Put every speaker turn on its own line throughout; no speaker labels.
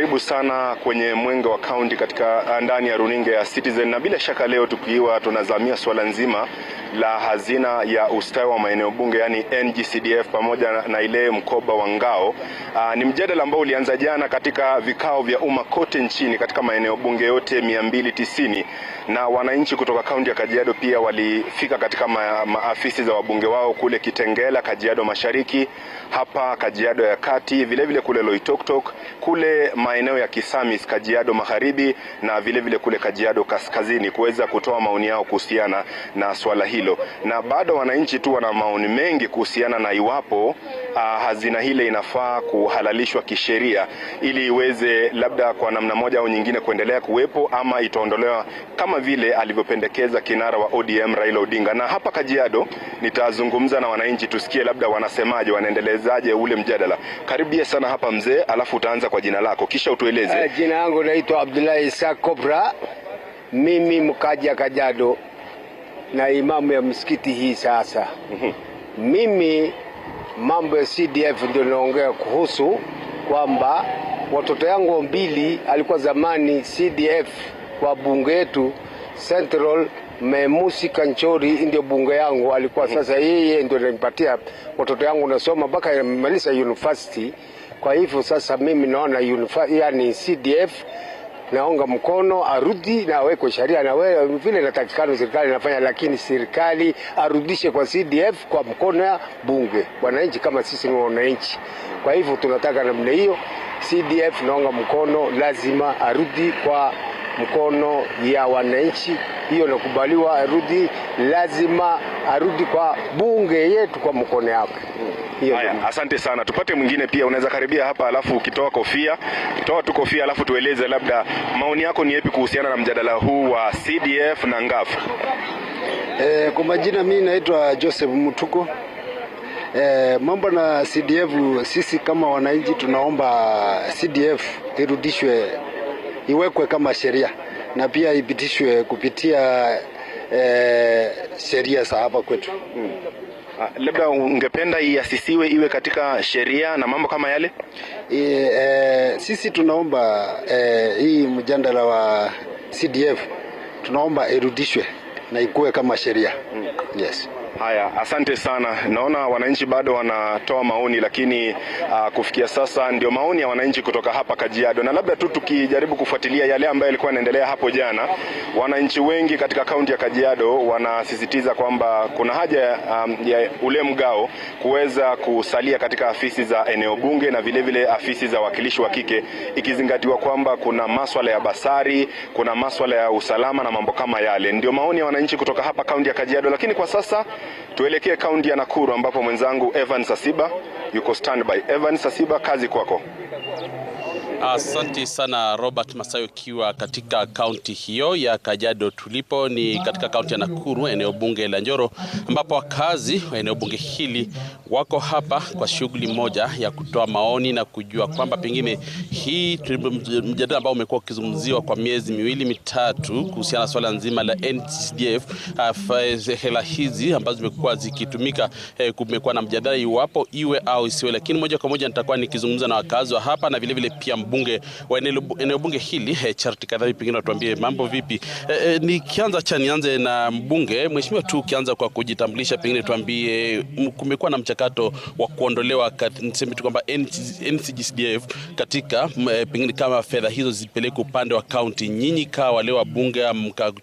Karibu sana kwenye mwenge wa kaunti katika eh, ndani ya runinga ya Citizen, na bila shaka leo tukiwa tunazamia swala nzima la hazina ya ustawi wa maeneo bunge yani NGCDF pamoja na, ile mkoba wa ngao. Aa, ah, ni mjadala ambao ulianza jana katika vikao vya umma kote nchini katika maeneo bunge yote 290 na wananchi kutoka kaunti ya Kajiado pia walifika katika ma, maafisi za wabunge wao kule Kitengela, Kajiado Mashariki, hapa Kajiado ya Kati, vile vile kule Loitoktok, kule maeneo ya Kisamis, Kajiado Magharibi na vile vile kule Kajiado Kaskazini kuweza kutoa maoni yao kuhusiana na swala hili hilo, na bado wananchi tu wana maoni mengi kuhusiana na iwapo uh, hazina hile inafaa kuhalalishwa kisheria ili iweze labda kwa namna moja au nyingine kuendelea kuwepo ama itaondolewa kama vile alivyopendekeza kinara wa ODM Raila Odinga. Na hapa Kajiado nitazungumza na wananchi tusikie labda wanasemaje, wanaendelezaje ule mjadala. Karibia sana hapa mzee, alafu utaanza kwa jina lako kisha utueleze.
Eh, jina langu naitwa Abdullahi Isa Kobra, mimi mkaji Kajado na imamu ya msikiti hii sasa. Mhm. Mimi mambo ya CDF ndio naongea kuhusu kwamba watoto yangu mbili alikuwa zamani CDF kwa bunge yetu Central Memusi Kanchori ndio bunge yangu alikuwa mhm. Sasa yeye ndio ananipatia watoto yangu nasoma mpaka yamaliza university. Kwa hivyo sasa mimi naona yani CDF naunga mkono arudi na awekwe sheria na wewe vile natakikana serikali inafanya, lakini serikali arudishe kwa CDF kwa mkono ya bunge. Wananchi kama sisi ni wananchi, kwa hivyo tunataka namna hiyo. CDF naunga mkono, lazima arudi kwa mkono ya wananchi, hiyo nakubaliwa. Arudi, lazima arudi kwa bunge yetu kwa mkono yake
hiyo. Haya, asante sana, tupate mwingine pia. Unaweza karibia hapa, alafu ukitoa kofia, toa tu kofia, alafu tueleze labda maoni yako ni yapi kuhusiana na mjadala huu wa CDF na Ngaf.
E, eh, kwa majina mimi naitwa Joseph Mutuko. E, eh, mambo na CDF, sisi kama wananchi tunaomba CDF irudishwe, iwekwe kama sheria na pia ipitishwe kupitia e, sheria za hapa kwetu hmm.
Ah, labda ungependa iasisiwe iwe katika sheria na mambo kama yale?
E, e, sisi tunaomba e, hii mjadala wa CDF tunaomba irudishwe na ikuwe kama sheria. Mm.
Yes. Haya, asante sana. Naona wananchi bado wanatoa maoni, lakini uh, kufikia sasa ndio maoni ya wananchi kutoka hapa Kajiado, na labda tu tukijaribu kufuatilia yale ambayo yalikuwa yanaendelea hapo jana. Wananchi wengi katika kaunti ya Kajiado wanasisitiza kwamba kuna haja um, ya ule mgao kuweza kusalia katika afisi za eneo bunge na vilevile vile afisi za wakilishi wa kike, ikizingatiwa kwamba kuna maswala ya basari, kuna maswala ya usalama na mambo kama yale. Ndio maoni ya wananchi kutoka hapa kaunti ya Kajiado, lakini kwa sasa Tuelekee kaunti ya Nakuru ambapo mwenzangu Evan Sasiba yuko standby. Evan Sasiba, kazi kwako.
Asante sana Robert Masayo, ukiwa katika kaunti hiyo ya kajado Tulipo ni katika kaunti ya Nakuru, eneo bunge la Njoro, ambapo wakazi wa eneo bunge hili wako hapa kwa shughuli moja ya kutoa maoni na kujua kwamba pengine hii mjadala ambao umekuwa ukizungumziwa kwa miezi miwili mitatu kuhusiana na swala nzima la NSDF, ah, hela hizi ambazo zimekuwa zikitumika, eh, kumekuwa na mjadala iwapo iwe au isiwe, lakini moja kwa moja nitakuwa nikizungumza na wakazi wa hapa na vilevile pia bunge wa eneo bunge hili eh, Charity Kadhambi, pengine watuambie mambo vipi? Eh, eh, nikianza cha nianze na mbunge mheshimiwa tu, ukianza kwa kujitambulisha, pengine tuambie, kumekuwa na mchakato wa kuondolewa, niseme tu kwamba NCGCDF katika eh, pengine kama fedha hizo zipeleke upande wa kaunti, nyinyi kawa wale wa bunge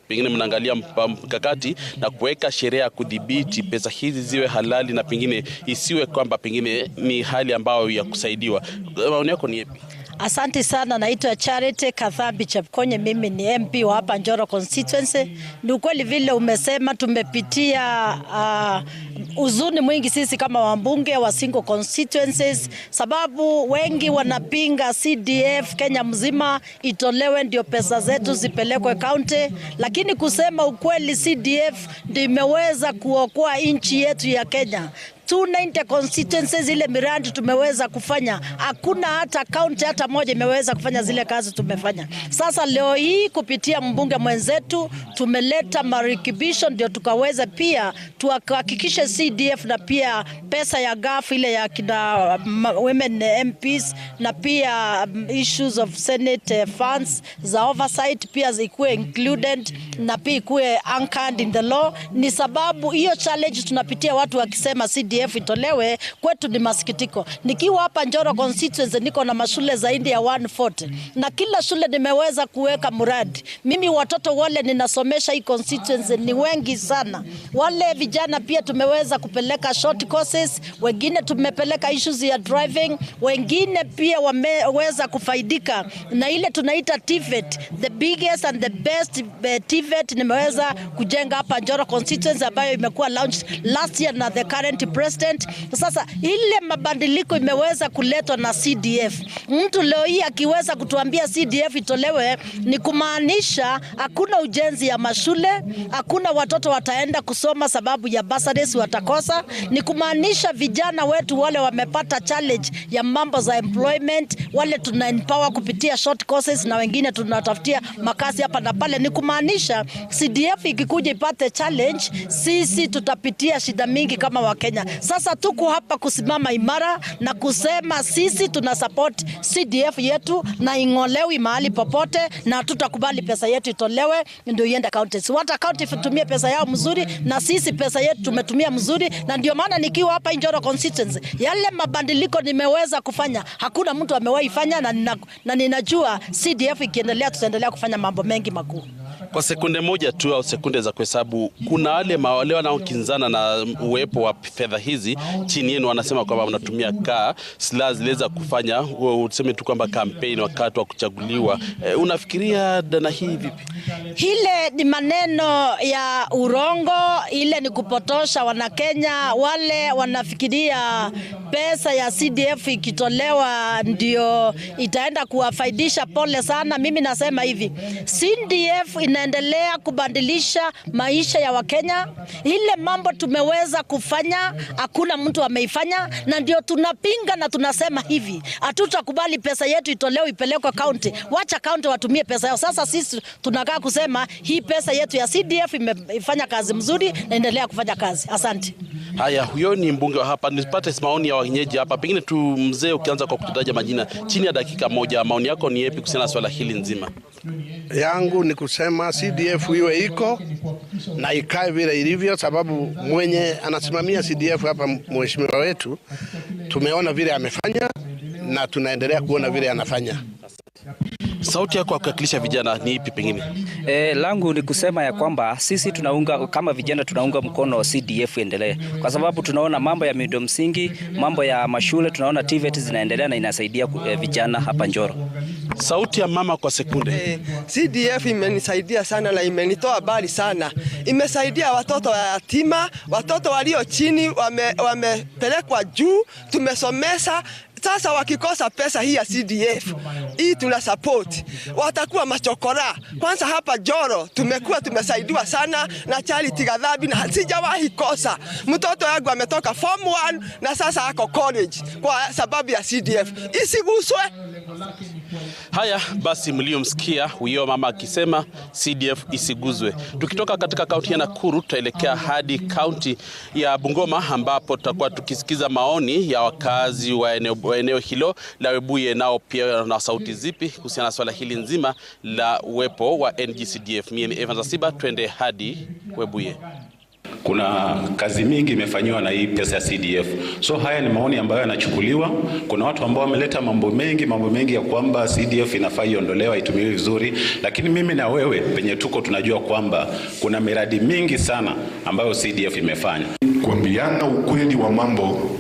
pengine mnaangalia mkakati na kuweka sheria ya kudhibiti pesa hizi ziwe halali na pengine isiwe kwamba pengine ni hali ambayo ya kusaidiwa. Eh, maoni yako ni yapi?
Asante sana, naitwa Charity Kadhambi Chepkonye, mimi ni MP wa hapa Njoro constituency. Ni ukweli vile umesema, tumepitia uh, huzuni uh, mwingi sisi kama wambunge wa single constituencies, sababu wengi wanapinga CDF Kenya mzima itolewe, ndio pesa zetu zipelekwe kaunti, lakini kusema ukweli, CDF ndio imeweza kuokoa nchi yetu ya Kenya. 290 constituencies zile miradi tumeweza kufanya, hakuna hata kaunti hata moja imeweza kufanya zile kazi tumefanya. Sasa leo hii kupitia mbunge mwenzetu tumeleta marekebisho ndio tukaweza pia tuhakikishe CDF na pia pesa ya gafu ile ya kina women MPs na pia um, issues of senate eh, funds za oversight pia zikuwe included na pia ikuwe anchored in the law. Ni sababu hiyo challenge tunapitia watu wakisema CDF CDF e itolewe kwetu ni masikitiko. Nikiwa hapa Njoro constituency niko na mashule zaidi ya 140 na kila shule nimeweza kuweka mradi. Mimi watoto wale ninasomesha hii constituency ni wengi sana. Wale vijana pia tumeweza kupeleka short courses, wengine tumepeleka issues ya driving, wengine pia wameweza kufaidika na ile tunaita TVET, the biggest and the best eh, TVET nimeweza kujenga hapa Njoro constituency ambayo imekuwa launched last year na the current president president. Sasa ile mabadiliko imeweza kuletwa na CDF. Mtu leo hii akiweza kutuambia CDF itolewe ni kumaanisha hakuna ujenzi ya mashule, hakuna watoto wataenda kusoma sababu ya bursaries watakosa. Ni kumaanisha vijana wetu wale wamepata challenge ya mambo za employment, wale tuna empower kupitia short courses na wengine tunatafutia makazi hapa na pale. Ni kumaanisha CDF ikikuja ipate challenge, sisi tutapitia shida mingi kama Wakenya. Sasa tuko hapa kusimama imara na kusema sisi tuna support CDF yetu na ing'olewi mahali popote, na tutakubali pesa yetu itolewe ndio iende county. Si wata county itumie pesa yao mzuri, na sisi pesa yetu tumetumia mzuri, na ndio maana nikiwa hapa Njoro constituency, yale mabadiliko nimeweza kufanya hakuna mtu amewahi fanya, na, na, na ninajua CDF ikiendelea tutaendelea kufanya mambo mengi makuu
kwa sekunde moja tu au sekunde za kuhesabu. Kuna wale wale wanaokinzana na uwepo wa fedha hizi chini yenu, wanasema kwamba mnatumia kaa silaha ziliweza kufanya useme tu kwamba kampeni wakati wa kuchaguliwa. E, unafikiria dana hii vipi?
Ile ni maneno ya urongo, ile ni kupotosha Wanakenya. Wale wanafikiria pesa ya CDF ikitolewa ndio itaenda kuwafaidisha, pole sana. Mimi nasema hivi CDF ina tunaendelea kubadilisha maisha ya Wakenya. Ile mambo tumeweza kufanya hakuna mtu ameifanya, na ndio tunapinga na tunasema hivi, hatutakubali pesa yetu itolewe ipelekwe kaunti. Wacha kaunti watumie pesa yao. Sasa sisi tunakaa kusema hii pesa yetu ya CDF imefanya kazi mzuri na endelea kufanya kazi. Asante.
Haya, huyo ni mbunge wa hapa. Nipate maoni ya wenyeji hapa, pengine tu mzee, ukianza kwa kutaja majina chini ya dakika moja, maoni yako ni yapi kuhusiana na swala hili nzima?
Yangu ni kusema CDF iwe iko na ikae vile ilivyo, sababu mwenye anasimamia CDF hapa, mheshimiwa wetu, tumeona vile amefanya na tunaendelea kuona vile anafanya.
Sauti yako ya kuwakilisha vijana ni ipi? Pengine
e, langu ni kusema ya kwamba sisi tunaunga kama vijana tunaunga mkono CDF endelee, kwa sababu tunaona mambo ya miundo msingi, mambo ya mashule, tunaona TVET zinaendelea na inasaidia eh, vijana hapa Njoro.
Sauti ya mama kwa sekunde. E, eh,
CDF imenisaidia sana na imenitoa bali sana, imesaidia watoto wa yatima, watoto walio chini wamepelekwa wame juu, tumesomesa sasa wakikosa pesa hii ya CDF hii tuna support, watakuwa machokora. Kwanza hapa Joro tumekuwa tumesaidiwa sana na Charity Gadhabi na sijawahi kosa. Mtoto wangu ametoka form 1 na sasa ako college kwa sababu ya CDF, isiguswe.
Haya basi, mliomsikia huyo mama akisema CDF isiguzwe. Tukitoka katika kaunti ya Nakuru, tutaelekea hadi kaunti ya Bungoma ambapo tutakuwa tukisikiza maoni ya wakazi wa eneo, wa eneo hilo la Webuye, nao pia na sauti zipi kuhusiana na swala hili nzima la uwepo wa ngcdf CDF. Mimi Evans Asiba, twende hadi Webuye.
Kuna kazi mingi imefanyiwa na hii pesa ya CDF. So haya ni maoni ambayo yanachukuliwa. Kuna watu ambao wameleta mambo mengi, mambo mengi ya kwamba CDF inafaa iondolewa, itumiwe vizuri, lakini mimi na wewe penye tuko tunajua kwamba kuna miradi mingi sana ambayo CDF imefanya.
Kuambiana ukweli wa mambo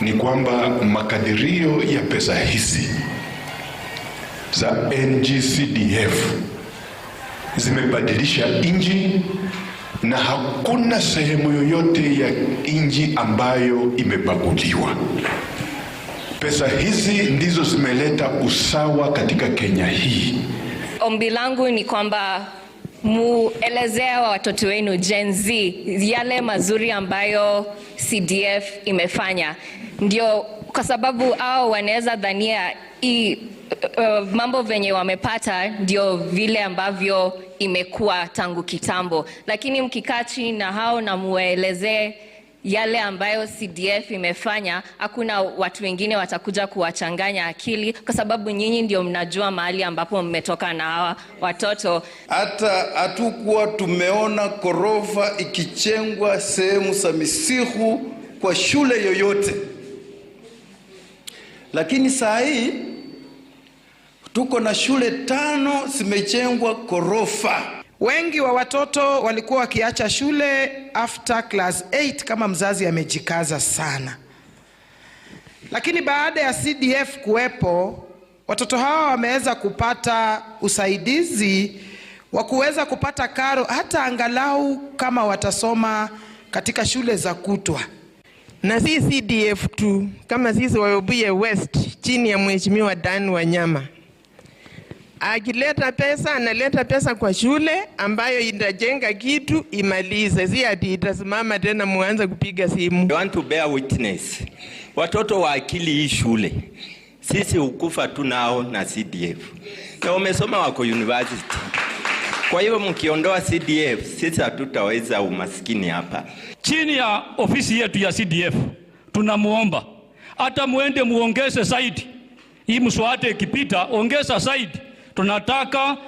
ni kwamba makadirio ya pesa hizi za ngcdf zimebadilisha injini na hakuna sehemu yoyote ya nchi ambayo imebaguliwa. Pesa hizi ndizo zimeleta usawa katika Kenya hii.
Ombi langu ni kwamba muelezea wa watoto wenu Gen Z yale mazuri ambayo CDF imefanya, ndio kwa sababu hao wanaweza dhania i uh, eh, mambo venye wamepata ndio vile ambavyo imekuwa tangu kitambo, lakini mkikaa chini na hao na muwaelezee yale ambayo CDF imefanya, hakuna watu wengine watakuja kuwachanganya akili, kwa sababu nyinyi ndio mnajua mahali ambapo mmetoka na hawa watoto.
Hata hatukuwa tumeona ghorofa ikichengwa sehemu za misihu kwa shule yoyote, lakini saa hii Tuko na shule tano zimejengwa ghorofa.
Wengi wa watoto walikuwa wakiacha shule after class 8 kama mzazi amejikaza sana, lakini baada ya CDF kuwepo, watoto hawa wameweza kupata usaidizi wa kuweza kupata karo, hata angalau kama watasoma katika shule za kutwa. Na si CDF tu, kama sisi Wayobuye West chini ya Mheshimiwa Dan Wanyama akileta pesa analeta pesa kwa shule ambayo itajenga kitu imalize, si ati itasimama tena muanze kupiga simu.
I want to bear witness, watoto wa akili hii shule sisi hukufa tu nao na CDF, na wamesoma wako university. Kwa hivyo mkiondoa CDF sisi hatutaweza umaskini hapa.
Chini ya ofisi yetu ya CDF tunamuomba hata muende muongeze zaidi, hii mswate ikipita, ongeza zaidi tunataka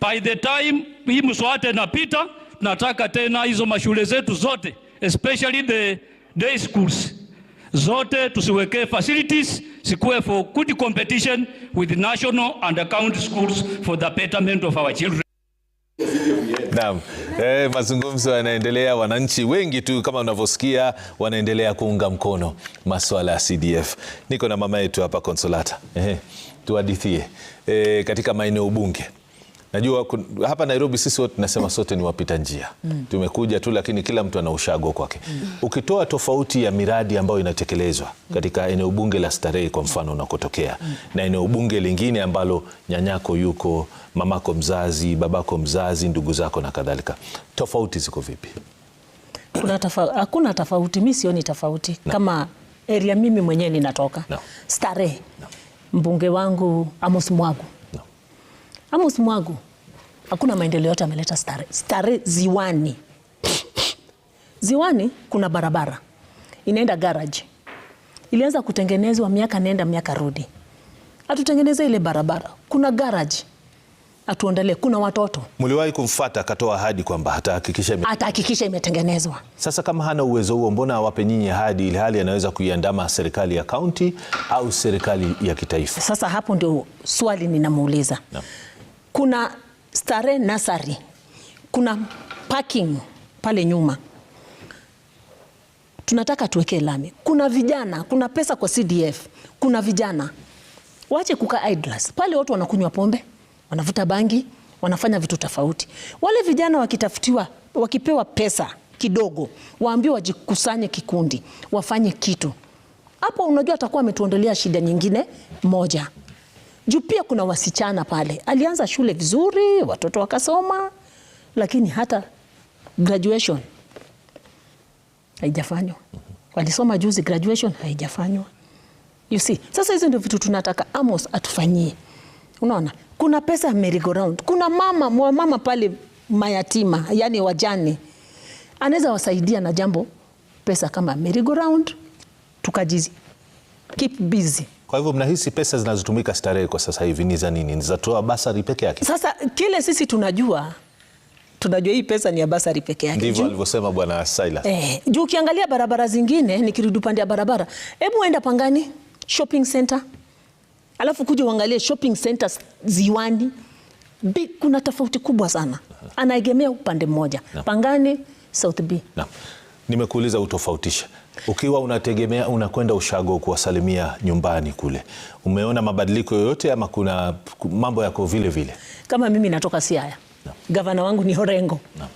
by the time hii mswate inapita, tunataka tena hizo mashule zetu zote especially the day schools zote tusiwekee facilities sikuwe for good competition with national and county schools for the betterment of our children.
Naam, eh, mazungumzo yanaendelea. Wananchi wengi tu kama unavyosikia wanaendelea kuunga mkono masuala ya CDF. Niko na mama yetu hapa Consolata. Eh tuhadithie e, katika maeneo bunge najua hapa Nairobi sisi wote tunasema sote ni wapita njia mm. Tumekuja tu lakini kila mtu ana ushago kwake mm. Ukitoa tofauti ya miradi ambayo inatekelezwa mm. katika eneo bunge la Starehe kwa mfano unakotokea mm. na eneo bunge lingine ambalo nyanyako yuko, mamako mzazi, babako mzazi, ndugu zako na kadhalika, tofauti ziko vipi?
Kuna tofauti? Hakuna tofauti, mi sioni tofauti no. Kama eria mimi mwenyewe ninatoka no. Starehe no mbunge wangu Amos Mwagu no. Amos Mwagu hakuna maendeleo yote ameleta Stare. Stare ziwani ziwani kuna barabara inaenda garage, ilianza kutengenezwa miaka nenda miaka rudi, hatutengeneze ile barabara, kuna garage atuondolee. Kuna watoto
mliwahi kumfuata, akatoa ahadi kwamba atahakikisha ime...
atahakikisha imetengenezwa.
Sasa kama hana uwezo huo, mbona awape nyinyi ahadi, ili hali anaweza kuiandama serikali ya kaunti au serikali ya kitaifa?
Sasa hapo ndio swali ninamuuliza na. Kuna stare nasari, kuna parking pale nyuma tunataka tuweke lami. Kuna vijana, kuna pesa kwa CDF, kuna vijana wache kukaa idlers pale, watu wanakunywa pombe wanavuta bangi, wanafanya vitu tofauti. Wale vijana wakitafutiwa, wakipewa pesa kidogo, waambie wajikusanye kikundi, wafanye kitu hapo, unajua atakuwa ametuondolea shida nyingine moja. Juu pia kuna wasichana pale, alianza shule vizuri, watoto wakasoma, lakini hata graduation haijafanywa. Walisoma juzi, graduation haijafanywa. You see, sasa hizo ndio vitu tunataka Amos atufanyie. Unaona, kuna pesa merry-go-round. Kuna mama mama pale mayatima, yani wajane, anaweza wasaidia na jambo pesa kama merry-go-round, tukajizi keep busy.
Kwa hivyo mnahisi pesa zinazotumika starehe kwa sasa hivi ni za nini? Ni za toa basari peke yake?
Sasa kile sisi tunajua tunajua hii pesa ni ya basari peke yake.
Ndivyo alivyosema bwana Saila.
Eh, juu ukiangalia barabara zingine, nikirudi upande ya barabara, hebu enda Pangani shopping center alafu kuja uangalie shopping centers ziwani Bi, kuna tofauti kubwa sana. Anaegemea upande mmoja no. Pangani South B no.
Nimekuuliza utofautisha ukiwa unategemea unakwenda ushago kuwasalimia nyumbani kule, umeona mabadiliko yoyote ama kuna mambo yako vile vile?
Kama mimi natoka Siaya no. Gavana wangu ni Orengo no.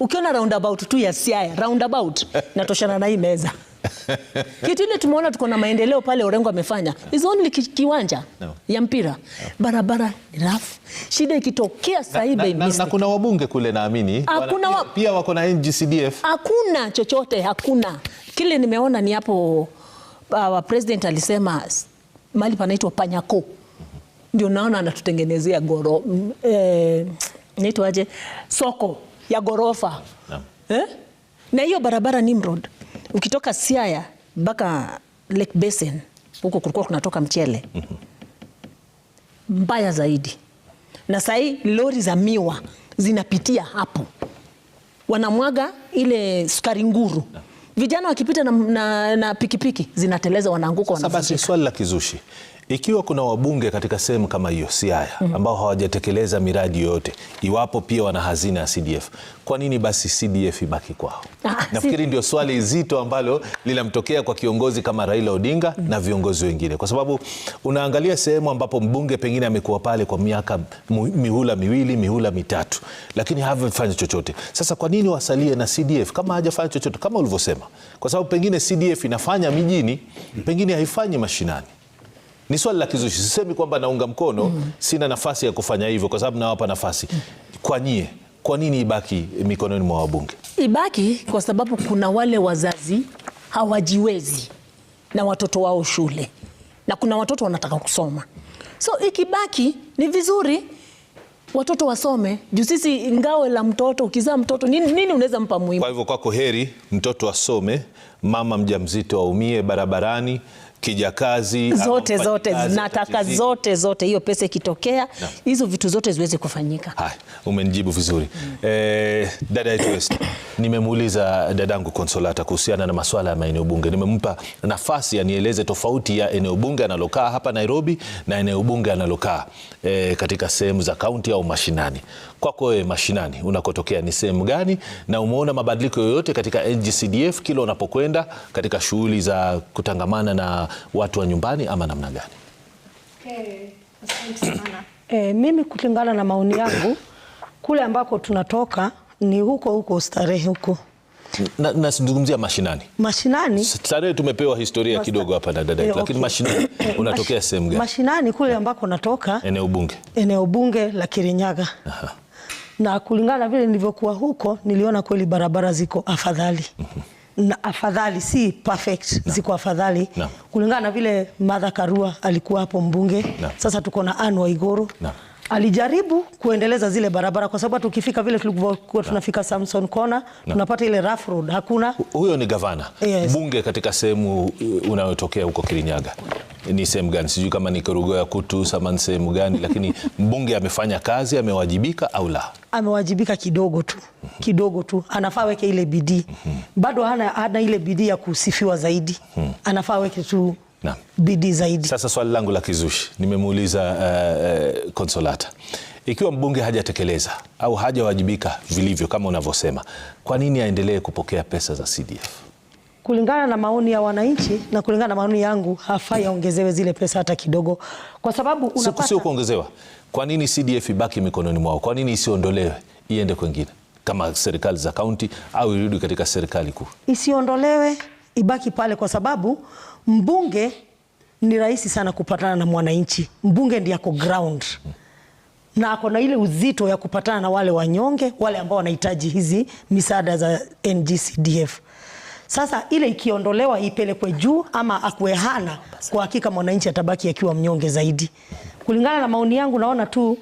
Ukiona roundabout tu ya Siaya roundabout natoshana na hii meza kitu ile tumeona tuko na maendeleo pale Orengo amefanya is only ki, kiwanja no. ya mpira no. barabara rafu shida ikitokea sasa na, na,
na, na kuna wabunge kule naamini wa... pia wako na NGCDF
hakuna chochote hakuna kile nimeona ni hapo uh, president alisema mali panaitwa Panyako ndio naona anatutengenezea goro eh, naitwaje soko ya gorofa no. eh? na hiyo barabara Nimrod Ukitoka Siaya mpaka Lake Basin huko kulikuwa kunatoka mchele mbaya zaidi, na sahii lori za miwa zinapitia hapo, wanamwaga ile sukari nguru, vijana wakipita na, na, na pikipiki zinateleza, wanaanguka.
Basi swali la kizushi ikiwa kuna wabunge katika sehemu kama hiyo Siaya mhm. ambao hawajatekeleza miradi yoyote, iwapo pia wana hazina ya CDF, kwa nini basi CDF ibaki kwao? Ah, Nafikiri ndio swali zito ambalo linamtokea kwa kiongozi kama Raila Odinga mhm. na viongozi wengine, kwa sababu unaangalia sehemu ambapo mbunge pengine amekuwa pale kwa miaka mihula miwili mihula mitatu, lakini hafanya chochote. Sasa kwa nini wasalie na CDF kama hajafanya chochote, kama ulivyosema, kwa sababu pengine CDF inafanya mijini, pengine haifanyi mashinani ni swali la kizushi. Sisemi kwamba naunga mkono mm. Sina nafasi ya kufanya hivyo kwa sababu nawapa nafasi mm. Kwa nyie, kwa nini ibaki mikononi mwa wabunge?
Ibaki kwa sababu kuna wale wazazi hawajiwezi na watoto wao shule, na kuna watoto wanataka kusoma, so ikibaki ni vizuri watoto wasome juu sisi ngao la mtoto. Ukizaa mtoto nini, nini unaweza mpa muhimu?
Kwa hivyo kwako heri mtoto asome, mama mjamzito aumie barabarani kijakazi
zote zote nataka zote zote, hiyo pesa ikitokea hizo vitu zote ziweze kufanyika.
Hai, umenijibu vizuri mm. Eh, dada yetu Esther nimemuuliza dadangu Konsolata kuhusiana na masuala ya maeneo bunge, nimempa nafasi anieleze tofauti ya eneo bunge analokaa hapa Nairobi na eneo bunge analokaa eh, katika sehemu za kaunti au mashinani. Kwako wewe mashinani unakotokea ni sehemu gani, na umeona mabadiliko yoyote katika NGCDF kila unapokwenda katika shughuli za kutangamana na watu wa nyumbani ama namna gani?
Okay. E, mimi kulingana na maoni yangu kule ambako tunatoka ni huko huko starehe huko
nazungumzia na mashinani.
Mashinani
starehe tumepewa historia Masta... kidogo hapa na dada e, okay. Lakini mashinani unatokea sehemu gani?
Mashinani kule ambako natoka eneo bunge, eneo bunge la Kirinyaga. Aha na kulingana na vile nilivyokuwa huko niliona kweli barabara ziko afadhali mhm. na afadhali si perfect, ziko afadhali kulingana na vile Martha Karua alikuwa hapo mbunge na. Sasa tuko na Anne Waiguru alijaribu kuendeleza zile barabara kwa sababu tukifika vile tulikuwa tunafika Samson Kona tunapata ile rough road hakuna.
Huyo ni gavana yes. Bunge katika sehemu unayotokea huko Kirinyaga ni sehemu gani? Sijui kama ni ya Kutu sama ni sehemu gani, lakini mbunge amefanya kazi, amewajibika au la?
Amewajibika kidogo tu, mhm. kidogo tu. Anafaa weke ile bidii, mhm. bado hana, hana ile bidii ya kusifiwa zaidi, mhm. anafaa weke tu na bidii zaidi.
Sasa swali langu la kizushi nimemuuliza uh, Konsolata, uh, ikiwa mbunge hajatekeleza au hajawajibika vilivyo kama unavyosema, kwa nini aendelee kupokea pesa za CDF?
Kulingana na maoni ya wananchi na kulingana na maoni yangu, hafai aongezewe zile pesa hata kidogo, kwa sababu
unapata... sio kuongezewa. Kwa nini CDF ibaki mikononi mwao? Kwa nini isiondolewe iende kwengine kama serikali za kaunti au irudi katika serikali kuu?
Isiondolewe, ibaki pale kwa sababu Mbunge ni rahisi sana kupatana na mwananchi. Mbunge ndiye ako ground na ako na ile uzito ya kupatana na wale wanyonge, wale ambao wanahitaji hizi misaada za ngcdf Sasa ile ikiondolewa ipelekwe juu ama akuwe hana, kwa hakika mwananchi atabaki akiwa mnyonge zaidi. Kulingana na maoni yangu, naona tu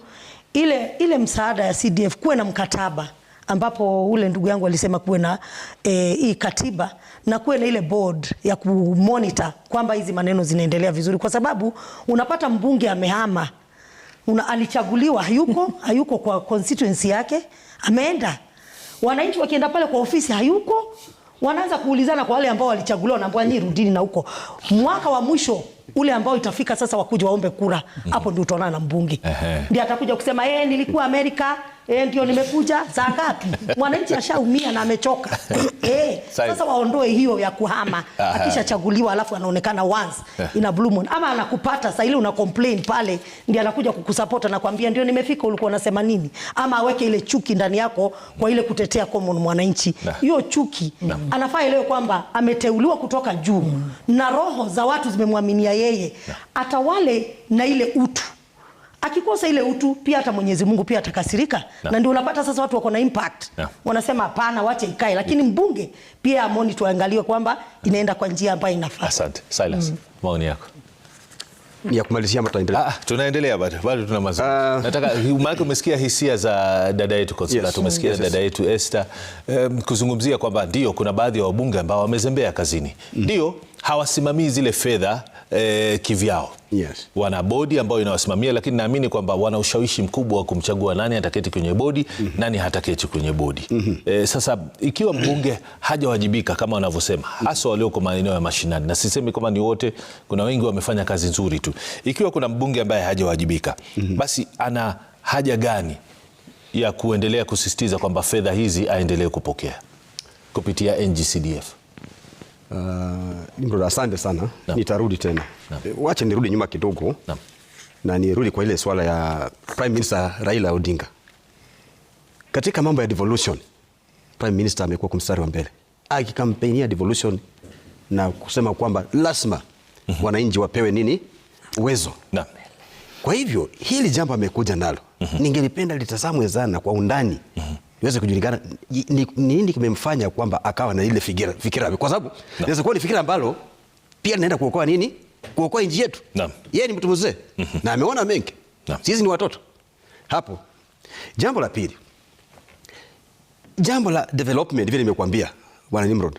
ile, ile msaada ya CDF kuwe na mkataba ambapo ule ndugu yangu alisema kuwe na eh, hii e, katiba na kuwe na ile board ya kumonitor kwamba hizi maneno zinaendelea vizuri, kwa sababu unapata mbunge amehama, una alichaguliwa hayuko hayuko kwa constituency yake, ameenda. Wananchi wakienda pale kwa ofisi hayuko, wanaanza kuulizana kwa wale ambao walichaguliwa, naambia nyinyi rudini na huko. Mwaka wa mwisho ule ambao itafika sasa, wakuja waombe kura, mm-hmm. hapo ndio utaonana na mbunge, ndio atakuja kusema yeye, eh, nilikuwa Amerika E, ndio nimekuja saa ngapi? Mwananchi ashaumia na amechoka. E, sasa waondoe hiyo ya kuhama akishachaguliwa, alafu anaonekana once eh. ina blue moon, ama anakupata saa ile una complain pale, ndio anakuja kukusupport na kwambia ndio nimefika, ulikuwa unasema nini? Ama aweke ile chuki ndani yako kwa ile kutetea common mwananchi, hiyo chuki na. Anafaa elewe kwamba ameteuliwa kutoka juu mm. na roho za watu zimemwaminia yeye, atawale na ile utu akikosa ile utu pia hata Mwenyezi Mungu pia atakasirika na, Na ndio unapata sasa watu wako na impact na, Wanasema hapana, wache ikae, lakini mbunge pia amoni tuangalie kwamba inaenda kwa njia ambayo inafaa.
Asante. Silas, mm. maoni yako ya kumalizia tunaendelea? Ah, tunaendelea bado. Bado tuna mazungumzo. Uh, Nataka maana umesikia hisia za dada yetu Consolata, yes, umesikia yes, dada yetu Esther um, kuzungumzia kwamba ndio kuna baadhi ya wabunge ambao wamezembea kazini. Mm. Ndio mm. hawasimamii zile fedha eh, kivyao yes. Wana bodi ambayo inawasimamia, lakini naamini kwamba wana ushawishi mkubwa wa kumchagua nani ataketi kwenye bodi mm -hmm. nani hataketi kwenye bodi mm -hmm. Eh, sasa ikiwa mbunge hajawajibika kama wanavyosema mm -hmm. hasa walioko maeneo ya mashinani, na sisemi kama ni wote, kuna wengi wamefanya kazi nzuri tu. Ikiwa kuna mbunge ambaye hajawajibika mm -hmm. basi ana haja gani ya kuendelea kusisitiza kwamba fedha hizi aendelee kupokea kupitia NGCDF? Uh, asante sana na. Nitarudi tena na. Eh, Wache nirudi nyuma kidogo na, na nirudi kwa ile swala ya Prime Minister Raila Odinga katika mambo ya devolution. Prime Minister amekuwa kwa wa mbele akikampenia devolution na kusema kwamba lazima mm -hmm. wananchi wapewe nini uwezo na. Kwa hivyo hili jambo amekuja nalo mm -hmm. ningelipenda litazamwe sana kwa undani mm -hmm iweze kujulikana ni nini kimemfanya kwamba akawa na ile fikira fikira, kwa sababu inaweza kuwa ni fikira ambalo pia naenda kuokoa nini, kuokoa nchi yetu. Yeye ni mtu mzee mm -hmm. na ameona mengi, sisi ni watoto hapo. Jambo la pili, jambo la development, vile nimekuambia bwana Nimrod,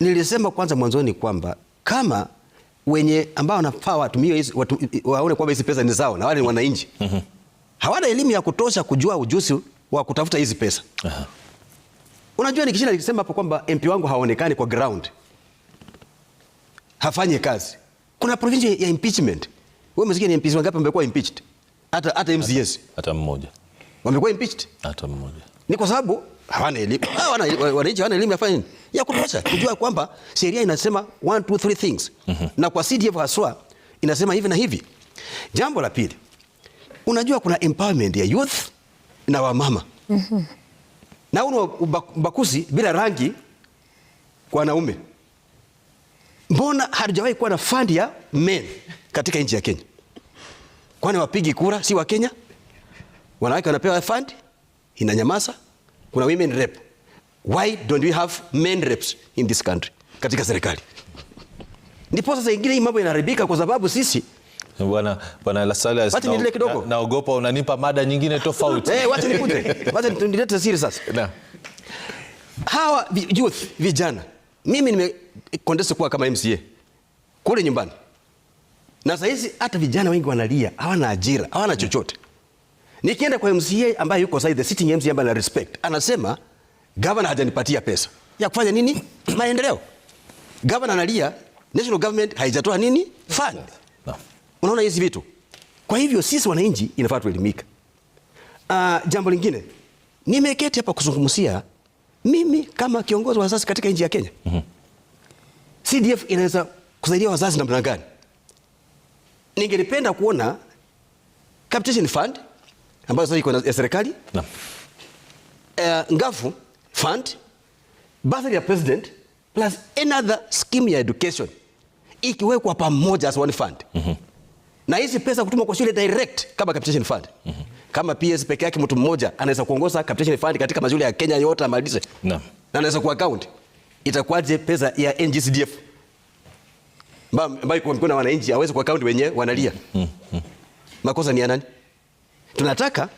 nilisema kwanza mwanzoni kwamba kama wenye ambao wanafaa watumie waone kwamba hizi pesa ni zao na wale ni wananchi, mm -hmm. hawana elimu ya kutosha kujua ujuzi wa kutafuta hizi pesa. Aha. Unajua ni kishina nikisema hapo kwamba MP wangu haonekani kwa ground, hafanye kazi, kuna provision ya impeachment. Wewe umesikia ni MPs wangapi wamekuwa impeached? Hata hata MCS hata mmoja wamekuwa impeached, hata mmoja. Ni kwa sababu hawana elimu, Ah, wana wananchi, hawana elimu ya fanya nini ya kutosha kujua kwamba sheria inasema 1 2 3 things mm -hmm. na kwa CDF haswa inasema hivi na hivi. Jambo la pili, unajua kuna empowerment ya youth na wamama mm -hmm. na ubakuzi bila rangi kwa wanaume. Mbona hatujawahi kuwa na fandi ya men katika nchi ya Kenya? Kwani wapigi kura si wa Kenya? Wanawake wanapewa fund inanyamaza. Kuna women rep. Why don't we have men reps in this country, katika serikali? Ndipo sasa ingine hii mambo inaharibika kwa sababu sisi Bwana bwana Lasala, naogopa na unanipa mada nyingine tofauti. Eh, wacha nikuje, Wacha nilete siri sasa. Na. Hawa youth vijana, mimi nimekondesa kuwa kama MCA kule nyumbani, na sasa hizi hata vijana wengi wanalia, hawana ajira, hawana chochote. Nikienda kwa MCA ambaye yuko sasa, the sitting MCA ambaye na respect, anasema governor hajanipatia pesa ya kufanya nini maendeleo. Governor analia, national government haijatoa nini fund Unaona hizi vitu. Kwa hivyo sisi wananchi inafaa tuelimika. Uh, jambo lingine nimeketi hapa kuzungumzia mimi kama kiongozi wa wazazi katika nchi ya Kenya. Mm -hmm. CDF inaweza kusaidia wazazi namna gani? Ningependa kuona capitation fund ambayo sasa iko na serikali. Naam. Uh, ngafu fund bursary ya president plus another scheme ya education ikiwekwa pamoja as one fund. Mm -hmm na hizi pesa kutumwa kwa shule direct kama capitation fund mm -hmm. Kama PS peke yake mtu mmoja anaweza kuongoza capitation fund katika mashule ya Kenya yote amalize, na anaweza ku account, itakuwaje pesa ya NGCDF mbaya kwa mkono wa wananchi aweze ku account wenyewe wanalia? mm -hmm. Makosa ni ya nani? Tunataka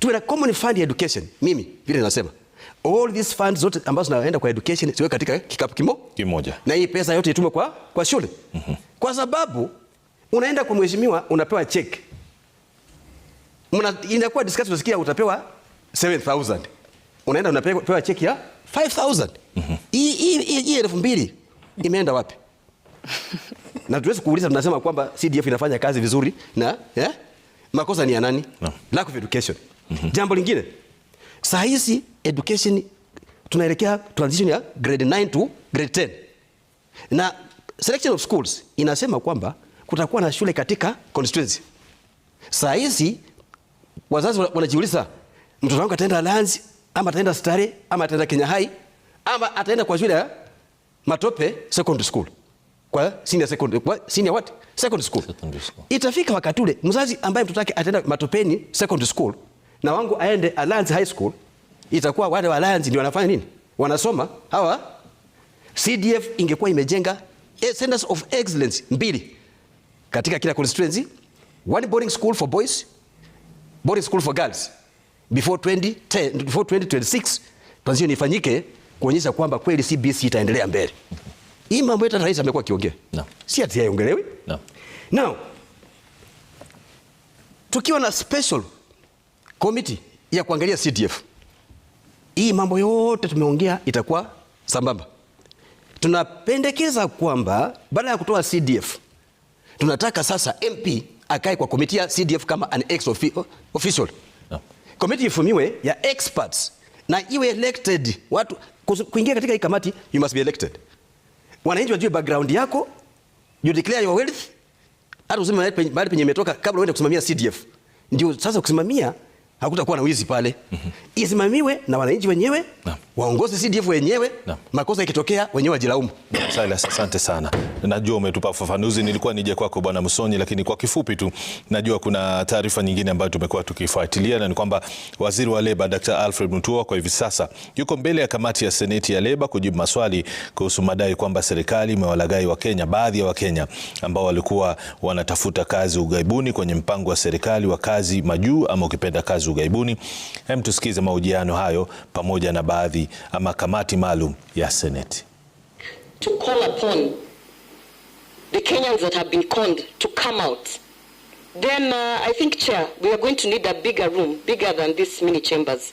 tuwe na common fund ya education. Mimi vile nasema all these funds zote ambazo zinaenda kwa education ziwe katika kikapu kimoja, na hii pesa yote itumwe kwa, kwa shule mm -hmm. kwa sababu unaenda kwa mheshimiwa unapewa cheki, inakuwa discuss unasikia utapewa 7000 unaenda unapewa cheki ya 5000 mhm. hii elfu mbili imeenda wapi? na tuwezi kuuliza, tunasema kwamba CDF inafanya kazi vizuri na eh? makosa ni ya nani? no. lack of education mm -hmm. Jambo lingine saa hizi education tunaelekea transition ya grade 9 to grade 10 na selection of schools inasema kwamba kutakuwa na shule katika constituency. Saa hizi wazazi wanajiuliza mtoto wangu ataenda Lanzi ama ataenda Stare ama ataenda Kenya Hai ama ataenda kwa shule ya Matope secondary school kwa senior secondary, kwa senior what secondary school. Secondary school itafika wakati ule mzazi ambaye mtoto wake ataenda Matopeni secondary school na wangu aende Alanzi high school, itakuwa wale wa Alanzi ndio wanafanya nini? Wanasoma hawa. CDF ingekuwa imejenga eh, centers of excellence mbili katika kila constituency, one boarding school for boys, boarding school for girls before 2010, before 2026 tanzio nifanyike kuonyesha kwamba kweli CBC itaendelea mbele. Hii mambo yetu rais amekuwa akiongea. No. Si ati yaongelewi No. Now, tukiwa na special committee ya kuangalia CDF. Hii mambo yote tumeongea itakuwa sambamba. Tunapendekeza kwamba baada ya kutoa CDF Tunataka sasa MP akae kwa komiti ya CDF kama an ex official Komiti ifumiwe ya experts na iwe elected. Watu kuingia katika hii kamati, you must be elected. Wananchi wajue background yako, you declare your wealth, hata useme mahali penye imetoka kabla uende kusimamia CDF. Ndio sasa kusimamia hakutakuwa na wizi pale. mm -hmm. Isimamiwe na wananchi wenyewe waongoze CDF wenyewe makosa ikitokea wenyewe wajilaumu. asante sana, najua umetupa ufafanuzi. Nilikuwa nije kwako Bwana Musonyi, lakini kwa kifupi tu, najua kuna taarifa nyingine ambayo tumekuwa tukifuatilia na ni kwamba waziri wa leba Dr. Alfred Mutua kwa hivi sasa yuko mbele ya kamati ya seneti ya leba kujibu maswali kuhusu madai kwamba serikali imewalagai Wakenya, baadhi ya Wakenya ambao walikuwa wanatafuta kazi ughaibuni kwenye mpango wa serikali wa kazi majuu ama ukipenda kazi kazi ughaibuni. Hem, tusikize mahojiano hayo pamoja na baadhi ama kamati maalum ya Seneti.
To call upon the Kenyans that have been conned to come out. Then uh, I think chair we are going to need a bigger room bigger than mini chambers.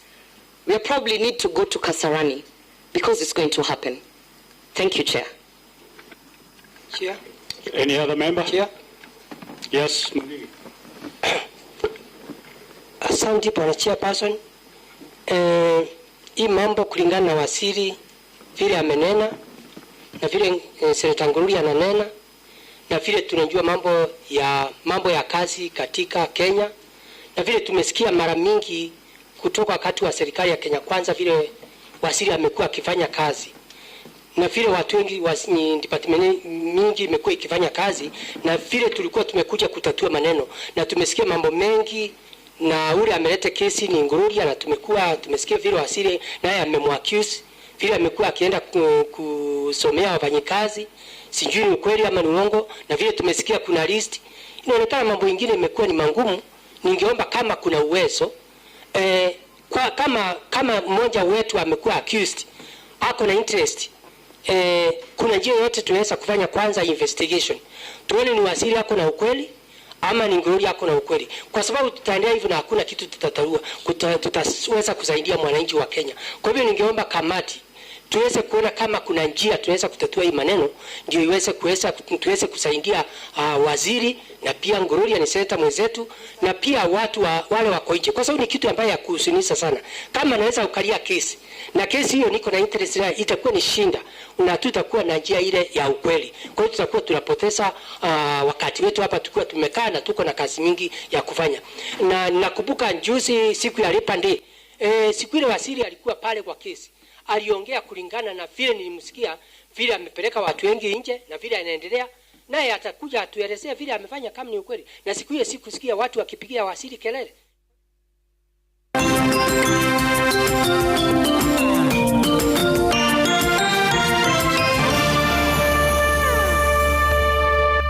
We probably need to go to Kasarani because it's going to happen. Thank you, chair.
Chair. Any other member? Chair. Yes.
Asante bwana chairperson. Eh, hii mambo kulingana na wasiri vile amenena na vile eh, Seneta Ngururi ananena na vile tunajua mambo ya mambo ya kazi katika Kenya na vile tumesikia mara mingi kutoka wakati wa serikali ya Kenya Kwanza vile wasiri amekuwa akifanya kazi na vile watu wengi wa department mingi imekuwa ikifanya kazi na vile tulikuwa tumekuja kutatua maneno na tumesikia mambo mengi na ule ameleta kesi ni Ngurugi, na tumekuwa tumesikia vile wasile naye amemwaccuse vile amekuwa akienda kusomea wafanyikazi, sijui ni ukweli ama ni uongo, na vile tumesikia kuna list inaonekana mambo mengine imekuwa ni mangumu. Ningeomba kama kuna uwezo e, kwa kama kama mmoja wetu amekuwa accused ako na interest e, kuna njia yote tunaweza kufanya, kwanza investigation tuone ni wasili ako na ukweli ama ni nguru yako na ukweli, kwa sababu tutaendea hivyo na hakuna kitu tutatarua, tutaweza kusaidia mwananchi wa Kenya. Kwa hivyo ningeomba kamati tuweze kuona kama kuna njia tunaweza kutatua hii maneno, ndio iweze kuweza tuweze kusaidia uh, ah, waziri na pia Ngururi ni seneta mwenzetu na pia watu wa, wale wako nje, kwa sababu ni kitu ambayo yakuhusunisha sana. Kama naweza ukalia kesi na kesi hiyo niko na interest ya itakuwa ni shinda na tutakuwa na njia ile ya ukweli. Kwa hiyo tutakuwa tunapoteza uh, wakati wetu hapa tukiwa tumekaa na tuko na kazi mingi ya kufanya, na nakumbuka juzi siku ya Lipande, e, eh, siku ile waziri alikuwa pale kwa kesi aliongea kulingana na vile nilimsikia, vile amepeleka watu wengi nje na vile anaendelea naye, atakuja atuelezea vile amefanya kama ni ukweli, na siku hiyo sikusikia watu wakipigia wasili kelele.